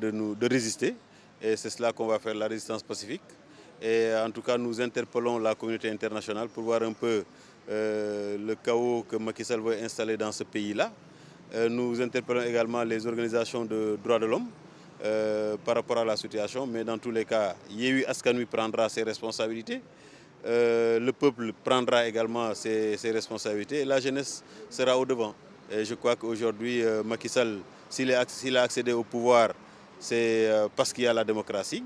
de, nous, de résister. Et c'est cela qu'on va faire, la résistance pacifique. en tout cas, nous interpellons la communauté internationale pour voir un peu euh, le chaos que Macky Sall veut installer dans ce pays-là. Euh, nous interpellons également les organisations de droits de l'homme euh, par rapport à la situation. Mais dans tous les cas, Yehu Askanui prendra ses responsabilités. Euh, le peuple prendra également ses, ses, responsabilités et la jeunesse sera au devant. Et je crois qu'aujourd'hui, Macky Sall, s'il a accédé au pouvoir, c'est euh, parce qu'il y a la démocratie.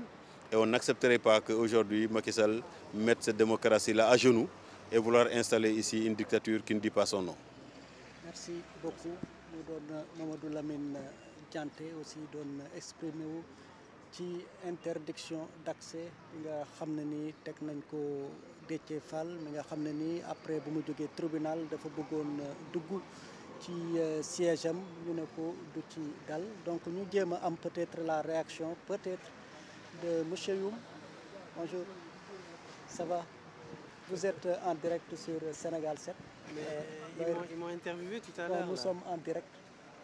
Et on n'accepterait pas qu'aujourd'hui Macky Sall mette cette démocratie-là à genoux et vouloir installer ici une dictature qui ne dit pas son nom. Merci euh, euh, aussi doon exprimé wu ci interdiction d'accès bi nga xam ne ni teg nañ ko Déthié fal mi nga xam ne nii après bu mu jógee tribunal dafa bëggoon dugg ci euh, siège am ñu ne ko du ci dal donc ñu jéem a am peut-être la réaction peut-être de monsieur Youm bonjour ça va vous êtes en direct sur Sénégal 7. mais euh, ils m'ont, ils m'ont interviewé tout à l'heure. en direct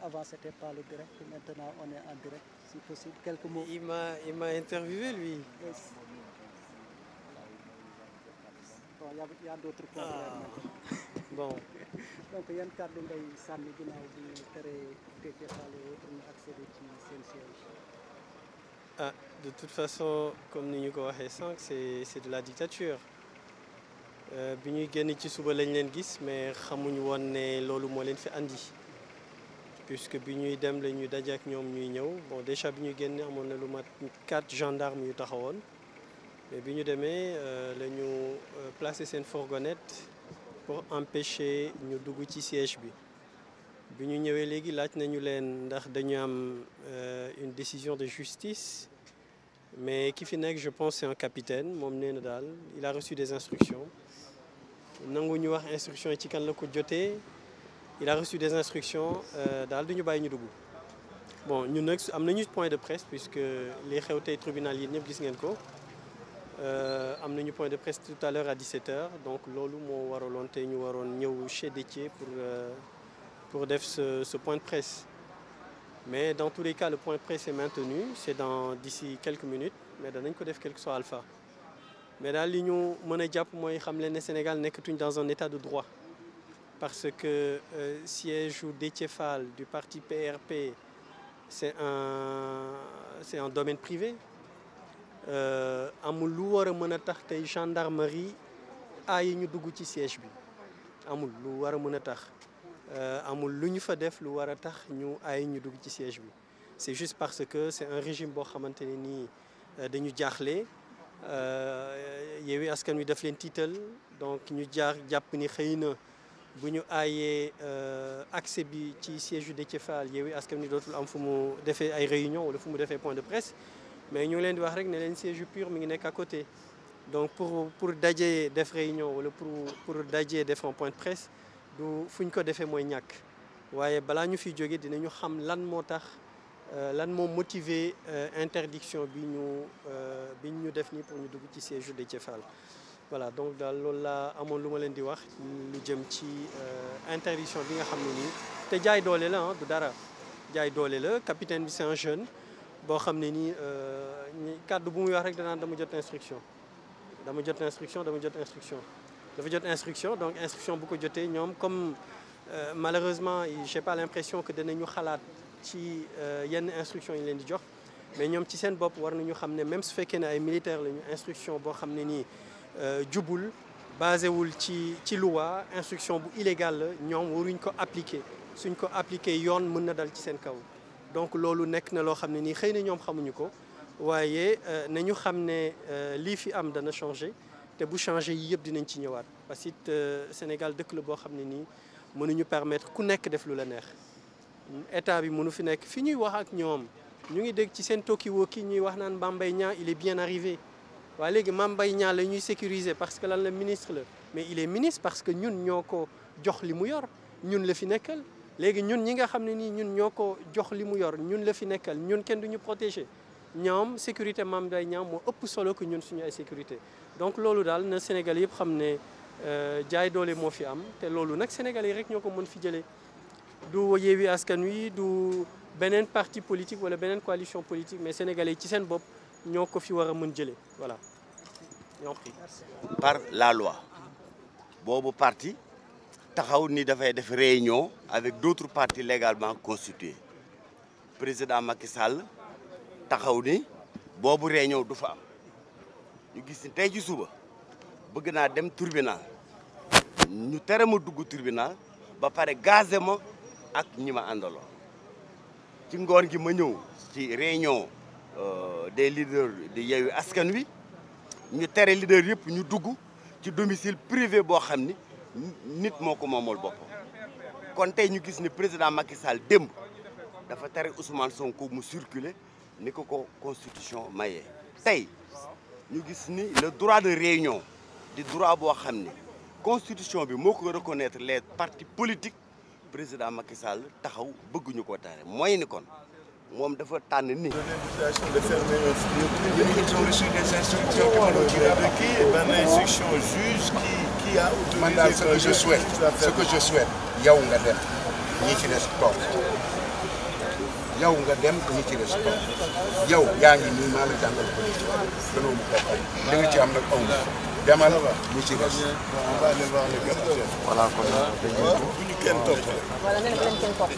avant c'était pas le direct maintenant on est en direct si possible quelques mots. y y a d'autres ah. bon donc yan kàddu ngay sànni ginnaaw bi ah, de toute façon comme ni ñu ko waxee sànq c'est c'est de la dictature euh, bi ñuy génn ci suba lañ leen gis mais xamuñu woon ne loolu moo leen fi andi puisque bi ñuy dem la ñuy daje ak ñoom ñuy ñëw bon déjà bi ñuy génn amoon na lu mat quatre gendarmes yu taxawoon bi ñu demee euh, la ñu euh, placé seen fourgonnette pour empêcher ñu dugg ci siège bi bi ñu ñëwee léegi laaj nañu leen ndax dañu am euh, une décision de justice mais ki fi nekk je pense c'est un capitaine moom nee na daal il a reçu des instructions nangu ñu wax instruction yi ci kan la ko jotee il a reçu des instructions daal du ñu bàyyi ñu dugg bon ñun nag am nañu point de presse puisque li xew tey tribunal yi ñëpp gis ngeen ko Euh, am nañu point de presse tout à l'heure à 17h donc loolu moo waraloon tey ñu waroon ñëw chez Déthié pour euh, pour def ce ce point de presse mais dans tous les cas le point de presse est maintenu c'est dans d'ici quelques minutes mais danañ ko def quel que soit alpha mais daal li ñu mën a jàpp mooy xam leen ne Sénégal nekkatuñ dans un état de droit parce que euh, siège u Déthié Fall du parti PRP c'est un c'est un domaine privé Euh, amul lu war a mën a tax tey gendarmerie ayi ñu dugg ci siège bi amul lu war a mën a tax euh, amul lu ñu fa def lu war a tax ñu ayi ñu dugg ci siège bi c'est juste parce que c'est un régime boo xamante ne nii euh, dañu jaaxle Yewwi Askan Wi daf leen tiital donc ñu jaar jàpp ni xëy na bu ñu aayee accès bi ci siège yu Déthié Fall Yewwi Askan Wi dootul am fu mu defee ay réunion wala fu mu defee point de presse mais ñoo leen di wax rek ne leen siège pur mu ngi nekk à côté donc pour pour dajee def réunion wala pour pour dajee def un point de presse du fu ñu ko defee mooy ñàkk waaye balaa ñu fiy jógee dinañu xam lan moo tax euh, lan moo motiver euh, interdiction bi ñu euh, bi ñu def nii pour ñu dugg ci siège Déthié Fall voilà donc daal loolu laa amoon lu ma leen di wax lu jëm ci interdiction bi nga xam ne nii te jaay doole la ah du dara jaay doole la capitaine bi c'est un jeune boo xam ne nii euh, kàddu bu muy wax rek danaan dama jot instruction dama jot instruction dama jot instruction dafa jot instruction donc instruction bu ko jotee ñoom comme euh, malheureusement j'ai pas l'impression que danañu xalaat ci euh, yenn instruction yi leen di jox mais ñoom ci seen bopp war nañu xam ne même su fekkee ne ay militaire lañu instruction boo xam ne nii jubul basé wul ci ci loi instruction bu illégale la ñoom waruñ ko appliquer suñ ko appliquer yoon mun na dal ci seen kaw donc loolu nekk na loo xam ne nii xëy na ñoom xamuñu ko waaye euh, nañu xam ne euh, lii fi am dana changé te bu changé yi yëpp dinañ ci ñëwaat parce que euh, Sénégal dëkk la boo xam ne nii mënuñu permettre ku nekk def lu la neex état bi mënu fi nekk fi ñuy wax ak ñoom ñu ngi dégg ci seen tokki kii ñuy wax naan Mame Mbaye Niang il est bien arrivé waaye léegi Mame Mbaye la ñuy sécuriser parce que lan la ministre la mais il est ministre parce que ñun ñoo ko jox li mu yor ñun la fi nekkal léegi ñun ñi nga xam ne nii ñun ñoo ko jox li mu yor ñun la fi nekkal ñun kenn du ñu protéger ñaam sécurité Mame Mbaye ñaam moo ëpp solo que ñun suñu ay sécurité donc loolu daal na Sénégal yëpp xam ne euh, jaay doole moo fi am te loolu nag Sénégal yi rek ñoo ko mën fi jëlee du Yewwi Askan Wi du beneen parti politique wala beneen coalition politique mais sénégal sénégalais ci seen bopp ñoo ko fi war a mën jëlee voilà ñoo par boobu parti taxaw ni dafay def réunion avec d'autres partis légalement constitués président Macky Sall taxaw ni boobu réunion du fa am ñu gis ni tey ci suba bëgg naa dem tribunal ñu tere ma dugg tribunal ba pare gazé ma ak ñi ma àndaloo ci ngoor gi ma ñëw ci réunion euh, des leaders di Yewwi Askan Wi ñu tere leader yëpp ñu dugg ci domicile privé boo xam ni nit moo ko moomul boppam kon tey ñu gis ni président Macky Sall démb dafa tere Ousmane ko mu circuler ni ko ko constitution mayee tey ñu gis ni le droit de réunion di droit boo xam ne constitution bi moo ko reconnaître les partis politiques président Macky Sall taxaw bëgguñu ko tere mooy ni kon moom dafa tànn ni. de fermer ils ont reçu a man daal ce que je souhaite ce que je souhaite yow nga dem ñi ci des toog yow nga dem ñi ci des toog yow yaa ngi nii maa la jàngal ko nii gënoon li nga ci am nag aw demal ñi ci des. voilà kon dañuy. bu ñu kenn topp